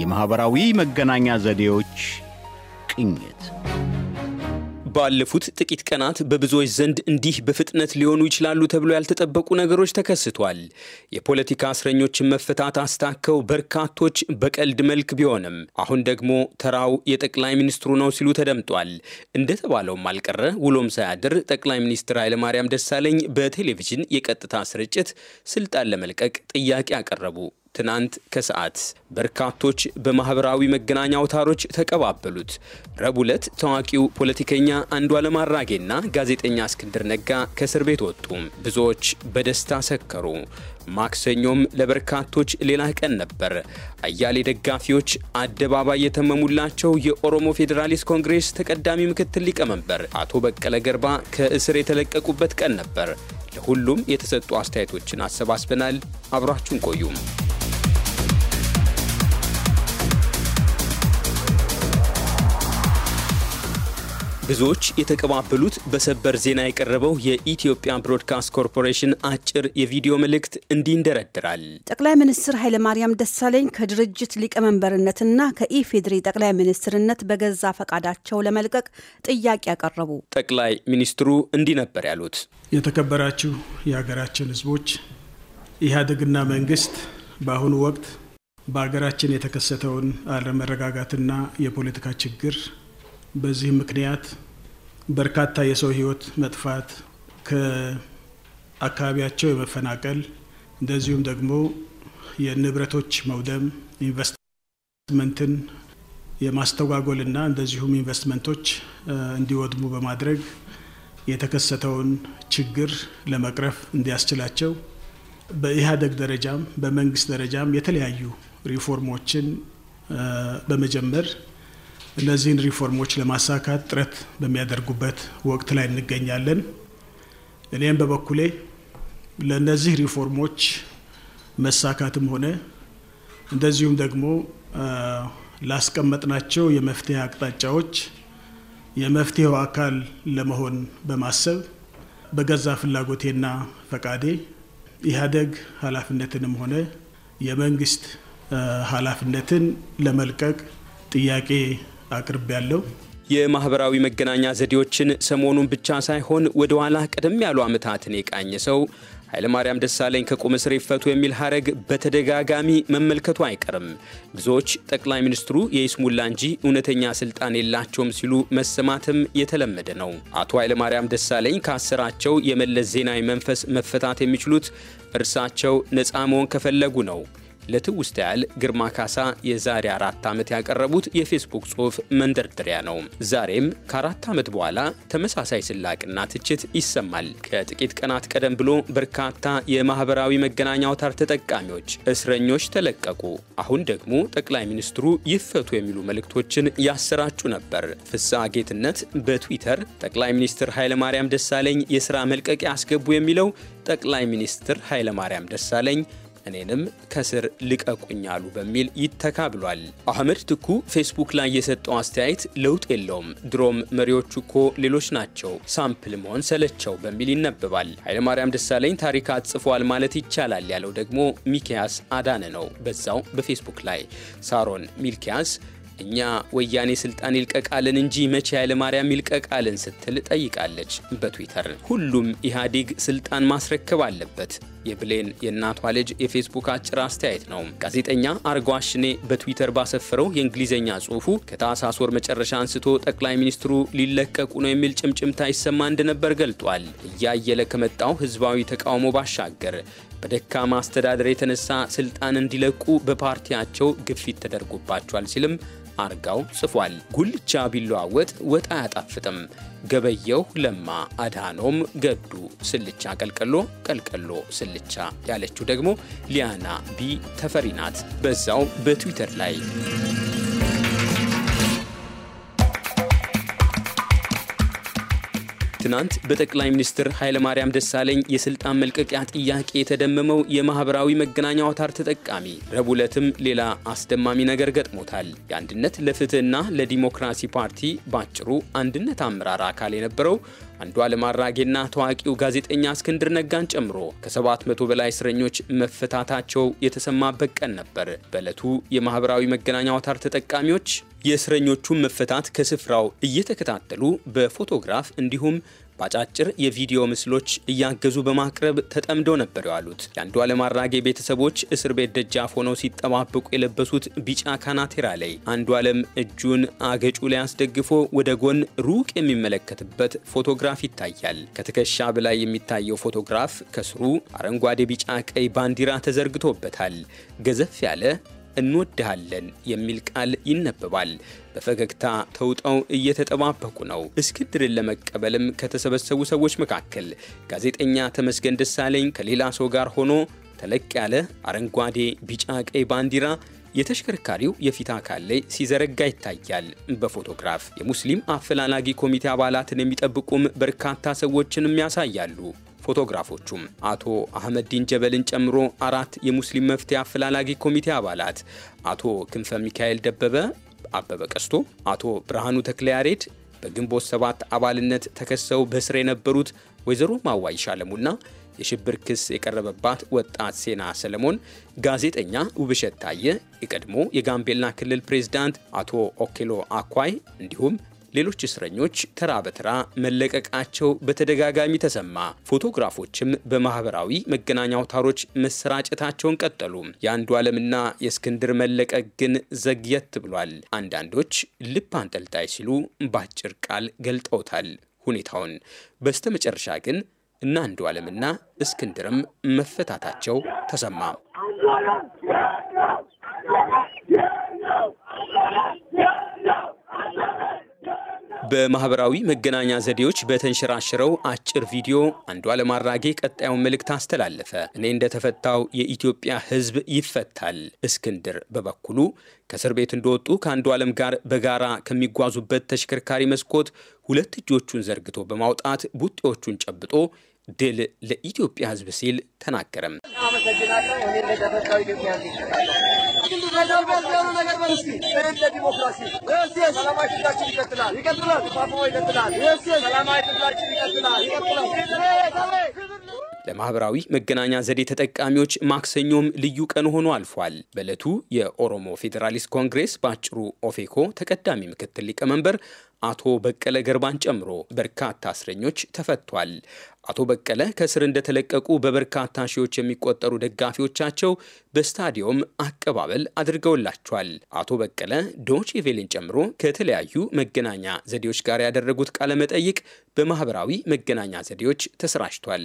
የማኅበራዊ መገናኛ ዘዴዎች ቅኝት ባለፉት ጥቂት ቀናት በብዙዎች ዘንድ እንዲህ በፍጥነት ሊሆኑ ይችላሉ ተብሎ ያልተጠበቁ ነገሮች ተከስቷል። የፖለቲካ እስረኞችን መፈታት አስታከው በርካቶች በቀልድ መልክ ቢሆንም አሁን ደግሞ ተራው የጠቅላይ ሚኒስትሩ ነው ሲሉ ተደምጧል። እንደተባለውም አልቀረ ውሎም ሳያድር ጠቅላይ ሚኒስትር ኃይለማርያም ደሳለኝ በቴሌቪዥን የቀጥታ ስርጭት ስልጣን ለመልቀቅ ጥያቄ አቀረቡ። ትናንት ከሰዓት በርካቶች በማህበራዊ መገናኛ አውታሮች ተቀባበሉት። ረቡዕ ዕለት ታዋቂው ፖለቲከኛ አንዱዓለም አራጌና ጋዜጠኛ እስክንድር ነጋ ከእስር ቤት ወጡ። ብዙዎች በደስታ ሰከሩ። ማክሰኞም ለበርካቶች ሌላ ቀን ነበር። አያሌ ደጋፊዎች አደባባይ የተመሙላቸው የኦሮሞ ፌዴራሊስት ኮንግሬስ ተቀዳሚ ምክትል ሊቀመንበር አቶ በቀለ ገርባ ከእስር የተለቀቁበት ቀን ነበር። ለሁሉም የተሰጡ አስተያየቶችን አሰባስበናል። አብራችሁን ቆዩም ብዙዎች የተቀባበሉት በሰበር ዜና የቀረበው የኢትዮጵያ ብሮድካስት ኮርፖሬሽን አጭር የቪዲዮ መልእክት እንዲህ ይንደረድራል። ጠቅላይ ሚኒስትር ኃይለማርያም ደሳለኝ ከድርጅት ሊቀመንበርነትና ከኢፌዴሪ ጠቅላይ ሚኒስትርነት በገዛ ፈቃዳቸው ለመልቀቅ ጥያቄ ያቀረቡ። ጠቅላይ ሚኒስትሩ እንዲህ ነበር ያሉት። የተከበራችሁ የሀገራችን ህዝቦች ኢህአዴግና መንግስት በአሁኑ ወቅት በሀገራችን የተከሰተውን አለመረጋጋትና የፖለቲካ ችግር በዚህ ምክንያት በርካታ የሰው ህይወት መጥፋት፣ ከአካባቢያቸው የመፈናቀል እንደዚሁም ደግሞ የንብረቶች መውደም፣ ኢንቨስትመንትን የማስተጓጎልና እንደዚሁም ኢንቨስትመንቶች እንዲወድሙ በማድረግ የተከሰተውን ችግር ለመቅረፍ እንዲያስችላቸው በኢህአደግ ደረጃም በመንግስት ደረጃም የተለያዩ ሪፎርሞችን በመጀመር እነዚህን ሪፎርሞች ለማሳካት ጥረት በሚያደርጉበት ወቅት ላይ እንገኛለን። እኔም በበኩሌ ለእነዚህ ሪፎርሞች መሳካትም ሆነ እንደዚሁም ደግሞ ላስቀመጥናቸው የመፍትሄ አቅጣጫዎች የመፍትሄው አካል ለመሆን በማሰብ በገዛ ፍላጎቴና ፈቃዴ ኢህአዴግ ኃላፊነትንም ሆነ የመንግስት ኃላፊነትን ለመልቀቅ ጥያቄ አቅርብ ያለው የማህበራዊ መገናኛ ዘዴዎችን ሰሞኑን ብቻ ሳይሆን ወደ ኋላ ቀደም ያሉ ዓመታትን የቃኘ ሰው ኃይለማርያም ደሳለኝ ከቁም እስር ይፈቱ የሚል ሀረግ በተደጋጋሚ መመልከቱ አይቀርም። ብዙዎች ጠቅላይ ሚኒስትሩ የይስሙላ እንጂ እውነተኛ ስልጣን የላቸውም ሲሉ መሰማትም የተለመደ ነው። አቶ ኃይለማርያም ደሳለኝ ከአሰራቸው የመለስ ዜናዊ መንፈስ መፈታት የሚችሉት እርሳቸው ነፃ መሆን ከፈለጉ ነው። ለትውስት ያህል ግርማ ካሳ የዛሬ አራት ዓመት ያቀረቡት የፌስቡክ ጽሑፍ መንደርደሪያ ነው። ዛሬም ከአራት ዓመት በኋላ ተመሳሳይ ስላቅና ትችት ይሰማል። ከጥቂት ቀናት ቀደም ብሎ በርካታ የማህበራዊ መገናኛ አውታር ተጠቃሚዎች እስረኞች ተለቀቁ፣ አሁን ደግሞ ጠቅላይ ሚኒስትሩ ይፈቱ የሚሉ መልእክቶችን ያሰራጩ ነበር። ፍስሐ ጌትነት በትዊተር ጠቅላይ ሚኒስትር ኃይለማርያም ደሳለኝ የስራ መልቀቂያ አስገቡ የሚለው ጠቅላይ ሚኒስትር ኃይለማርያም ደሳለኝ እኔንም ከስር ልቀቁኝ አሉ በሚል ይተካ ብሏል። አህመድ ትኩ ፌስቡክ ላይ የሰጠው አስተያየት ለውጥ የለውም፣ ድሮም መሪዎቹ እኮ ሌሎች ናቸው፣ ሳምፕል መሆን ሰለቸው በሚል ይነበባል። ኃይለማርያም ደሳለኝ ታሪክ አጽፏል ማለት ይቻላል ያለው ደግሞ ሚኪያስ አዳነ ነው። በዛው በፌስቡክ ላይ ሳሮን ሚልኪያስ እኛ ወያኔ ስልጣን ይልቀቃልን እንጂ መቼ ኃይለማርያም ይልቀቃልን ስትል ጠይቃለች በትዊተር። ሁሉም ኢህአዴግ ስልጣን ማስረከብ አለበት የብሌን የእናቷ ልጅ የፌስቡክ አጭር አስተያየት ነው። ጋዜጠኛ አርጓሽኔ በትዊተር ባሰፈረው የእንግሊዝኛ ጽሁፉ ከታህሳስ ወር መጨረሻ አንስቶ ጠቅላይ ሚኒስትሩ ሊለቀቁ ነው የሚል ጭምጭምታ ይሰማ እንደነበር ገልጧል። እያየለ ከመጣው ህዝባዊ ተቃውሞ ባሻገር በደካማ አስተዳደር የተነሳ ስልጣን እንዲለቁ በፓርቲያቸው ግፊት ተደርጎባቸዋል ሲልም አርጋው ጽፏል። ጉልቻ ቢለዋወጥ ወጥ አያጣፍጥም። ገበየው ለማ አድሃኖም ገዱ ስልቻ ቀልቀሎ ቀልቀሎ ስልቻ ያለችው ደግሞ ሊያና ቢ ተፈሪ ናት። በዛው በትዊተር ላይ ትናንት በጠቅላይ ሚኒስትር ኃይለማርያም ደሳለኝ የስልጣን መልቀቂያ ጥያቄ የተደመመው የማህበራዊ መገናኛ አውታር ተጠቃሚ ረቡዕ ዕለትም ሌላ አስደማሚ ነገር ገጥሞታል። የአንድነት ለፍትህና ለዲሞክራሲ ፓርቲ ባጭሩ አንድነት አመራር አካል የነበረው አንዷ አራጌና ታዋቂው ጋዜጠኛ እስክንድር ነጋን ጨምሮ ከ700 በላይ እስረኞች መፈታታቸው የተሰማበት ቀን ነበር። በዕለቱ የማህበራዊ መገናኛ አውታር ተጠቃሚዎች የእስረኞቹን መፈታት ከስፍራው እየተከታተሉ በፎቶግራፍ እንዲሁም በአጫጭር የቪዲዮ ምስሎች እያገዙ በማቅረብ ተጠምደው ነበር የዋሉት። የአንዱ ዓለም አራጌ ቤተሰቦች እስር ቤት ደጃፍ ሆነው ሲጠባበቁ የለበሱት ቢጫ ካናቴራ ላይ አንዱ ዓለም እጁን አገጩ ላይ አስደግፎ ወደ ጎን ሩቅ የሚመለከትበት ፎቶግራፍ ይታያል። ከትከሻ በላይ የሚታየው ፎቶግራፍ ከስሩ አረንጓዴ፣ ቢጫ፣ ቀይ ባንዲራ ተዘርግቶበታል። ገዘፍ ያለ እንወድሃለን የሚል ቃል ይነበባል። በፈገግታ ተውጠው እየተጠባበቁ ነው። እስክንድርን ለመቀበልም ከተሰበሰቡ ሰዎች መካከል ጋዜጠኛ ተመስገን ደሳለኝ ከሌላ ሰው ጋር ሆኖ ተለቅ ያለ አረንጓዴ፣ ቢጫ፣ ቀይ ባንዲራ የተሽከርካሪው የፊት አካል ላይ ሲዘረጋ ይታያል። በፎቶግራፍ የሙስሊም አፈላላጊ ኮሚቴ አባላትን የሚጠብቁም በርካታ ሰዎችንም ያሳያሉ። ፎቶግራፎቹም አቶ አህመዲን ጀበልን ጨምሮ አራት የሙስሊም መፍትሄ አፈላላጊ ኮሚቴ አባላት አቶ ክንፈ ሚካኤል ደበበ፣ አበበ ቀስቶ፣ አቶ ብርሃኑ ተክለያሬድ በግንቦት ሰባት አባልነት ተከሰው በስር የነበሩት ወይዘሮ ማዋይሽ አለሙና የሽብር ክስ የቀረበባት ወጣት ሴና ሰለሞን፣ ጋዜጠኛ ውብሸት ታየ፣ የቀድሞ የጋምቤላ ክልል ፕሬዝዳንት አቶ ኦኬሎ አኳይ እንዲሁም ሌሎች እስረኞች ተራ በተራ መለቀቃቸው በተደጋጋሚ ተሰማ። ፎቶግራፎችም በማህበራዊ መገናኛ አውታሮች መሰራጨታቸውን ቀጠሉ። የአንዱ ዓለምና የእስክንድር መለቀቅ ግን ዘግየት ብሏል። አንዳንዶች ልብ አንጠልጣይ ሲሉ በአጭር ቃል ገልጠውታል ሁኔታውን። በስተመጨረሻ ግን እነ አንዱ ዓለምና እስክንድርም መፈታታቸው ተሰማ። በማህበራዊ መገናኛ ዘዴዎች በተንሸራሸረው አጭር ቪዲዮ አንዱዓለም አራጌ ቀጣዩን መልእክት አስተላለፈ። እኔ እንደተፈታው የኢትዮጵያ ሕዝብ ይፈታል። እስክንድር በበኩሉ ከእስር ቤት እንደወጡ ከአንዱዓለም ጋር በጋራ ከሚጓዙበት ተሽከርካሪ መስኮት ሁለት እጆቹን ዘርግቶ በማውጣት ቡጤዎቹን ጨብጦ ድል ለኢትዮጵያ ሕዝብ ሲል ተናገረም። ዲሞክራሲ ይቀጥላል ይቀጥላል ይቀጥላል ይቀጥላል ይቀጥላል። ለማህበራዊ መገናኛ ዘዴ ተጠቃሚዎች ማክሰኞም ልዩ ቀን ሆኖ አልፏል። በዕለቱ የኦሮሞ ፌዴራሊስት ኮንግሬስ በአጭሩ ኦፌኮ ተቀዳሚ ምክትል ሊቀመንበር አቶ በቀለ ገርባን ጨምሮ በርካታ እስረኞች ተፈቷል። አቶ በቀለ ከስር እንደተለቀቁ በበርካታ ሺዎች የሚቆጠሩ ደጋፊዎቻቸው በስታዲየም አቀባበል አድርገውላቸዋል። አቶ በቀለ ዶቼ ቬሌን ጨምሮ ከተለያዩ መገናኛ ዘዴዎች ጋር ያደረጉት ቃለመጠይቅ በማህበራዊ መገናኛ ዘዴዎች ተሰራጭቷል።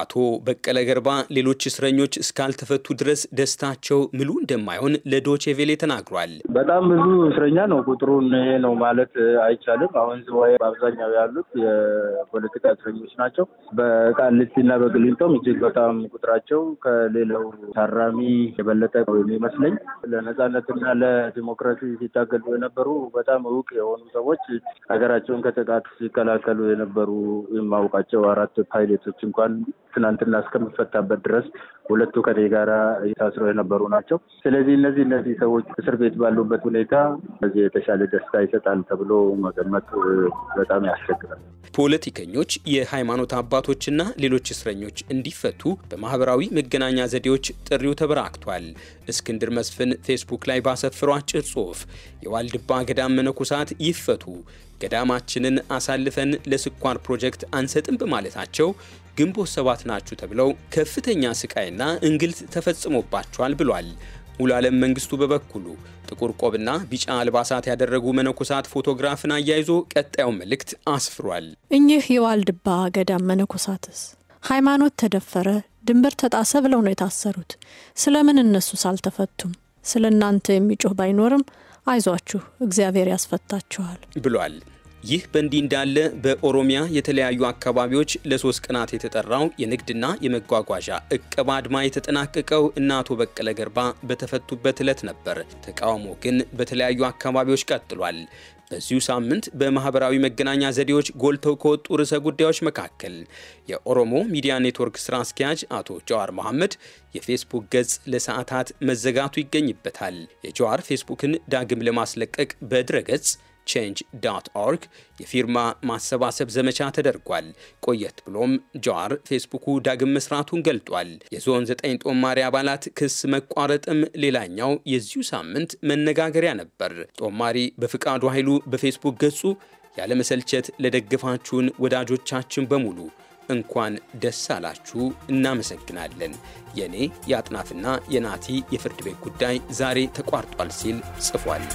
አቶ በቀለ ገርባ ሌሎች እስረኞች እስካልተፈቱ ድረስ ደስታቸው ምሉ እንደማይሆን ለዶቼ ቬሌ ተናግሯል። በጣም ብዙ እስረኛ ነው ቁጥሩን ይሄ ነው ማለት አይቻልም። አሁን ዝዋይ በአብዛኛው ያሉት የፖለቲካ እስረኞች ናቸው። በቃሊቲና በቅሊንጦም እጅግ በጣም ቁጥራቸው ከሌላው ታራሚ የበለጠ የሚመስለኝ ለነጻነትና ለዲሞክራሲ ሲታገሉ የነበሩ በጣም እውቅ የሆኑ ሰዎች ሀገራቸውን ከጥቃት ሲከላከሉ የነበሩ የነበሩ የማውቃቸው አራት ፓይሌቶች እንኳን ትናንትና እስከምፈታበት ድረስ ሁለቱ ከኔ ጋር ታስረው የነበሩ ናቸው። ስለዚህ እነዚህ እነዚህ ሰዎች እስር ቤት ባሉበት ሁኔታ እዚህ የተሻለ ደስታ ይሰጣል ተብሎ መገመት በጣም ያስቸግራል። ፖለቲከኞች፣ የሃይማኖት አባቶችና ሌሎች እስረኞች እንዲፈቱ በማህበራዊ መገናኛ ዘዴዎች ጥሪው ተበራክቷል። እስክንድር መስፍን ፌስቡክ ላይ ባሰፈረው አጭር ጽሁፍ የዋልድባ ገዳም መነኮሳት ይፈቱ ገዳማችንን አሳልፈን ለስኳር ፕሮጀክት አንሰጥም በማለታቸው ግንቦት ሰባት ናችሁ ተብለው ከፍተኛ ስቃይና እንግልት ተፈጽሞባቸዋል ብሏል። ሙሉ ዓለም መንግስቱ በበኩሉ ጥቁር ቆብና ቢጫ አልባሳት ያደረጉ መነኮሳት ፎቶግራፍን አያይዞ ቀጣዩን መልእክት አስፍሯል። እኚህ የዋልድባ ገዳም መነኮሳትስ ሃይማኖት ተደፈረ፣ ድንበር ተጣሰ ብለው ነው የታሰሩት። ስለምን እነሱስ አልተፈቱም? ስለ እናንተ የሚጮህ ባይኖርም አይዟችሁ እግዚአብሔር ያስፈታችኋል ብሏል። ይህ በእንዲህ እንዳለ በኦሮሚያ የተለያዩ አካባቢዎች ለሶስት ቀናት የተጠራው የንግድና የመጓጓዣ እቀባ አድማ የተጠናቀቀው እነ አቶ በቀለ ገርባ በተፈቱበት ዕለት ነበር። ተቃውሞ ግን በተለያዩ አካባቢዎች ቀጥሏል። በዚሁ ሳምንት በማህበራዊ መገናኛ ዘዴዎች ጎልተው ከወጡ ርዕሰ ጉዳዮች መካከል የኦሮሞ ሚዲያ ኔትወርክ ስራ አስኪያጅ አቶ ጀዋር መሐመድ የፌስቡክ ገጽ ለሰዓታት መዘጋቱ ይገኝበታል። የጀዋር ፌስቡክን ዳግም ለማስለቀቅ በድረ ገጽ ቼንጅ ዳት ኦርግ የፊርማ ማሰባሰብ ዘመቻ ተደርጓል። ቆየት ብሎም ጃዋር ፌስቡኩ ዳግም መስራቱን ገልጧል። የዞን ዘጠኝ ጦማሪ አባላት ክስ መቋረጥም ሌላኛው የዚሁ ሳምንት መነጋገሪያ ነበር። ጦማሪ በፍቃዱ ኃይሉ በፌስቡክ ገጹ ያለመሰልቸት ለደገፋችሁን ወዳጆቻችን በሙሉ እንኳን ደስ አላችሁ፣ እናመሰግናለን። የኔ የአጥናፍና የናቲ የፍርድ ቤት ጉዳይ ዛሬ ተቋርጧል ሲል ጽፏል።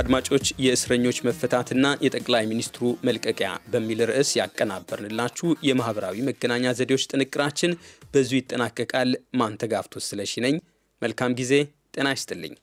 አድማጮች የእስረኞች መፈታትና የጠቅላይ ሚኒስትሩ መልቀቂያ በሚል ርዕስ ያቀናበርንላችሁ የማህበራዊ መገናኛ ዘዴዎች ጥንቅራችን በዙ ይጠናቀቃል። ማንተጋፍቶ ስለሺ ነኝ። መልካም ጊዜ። ጤና ይስጥልኝ።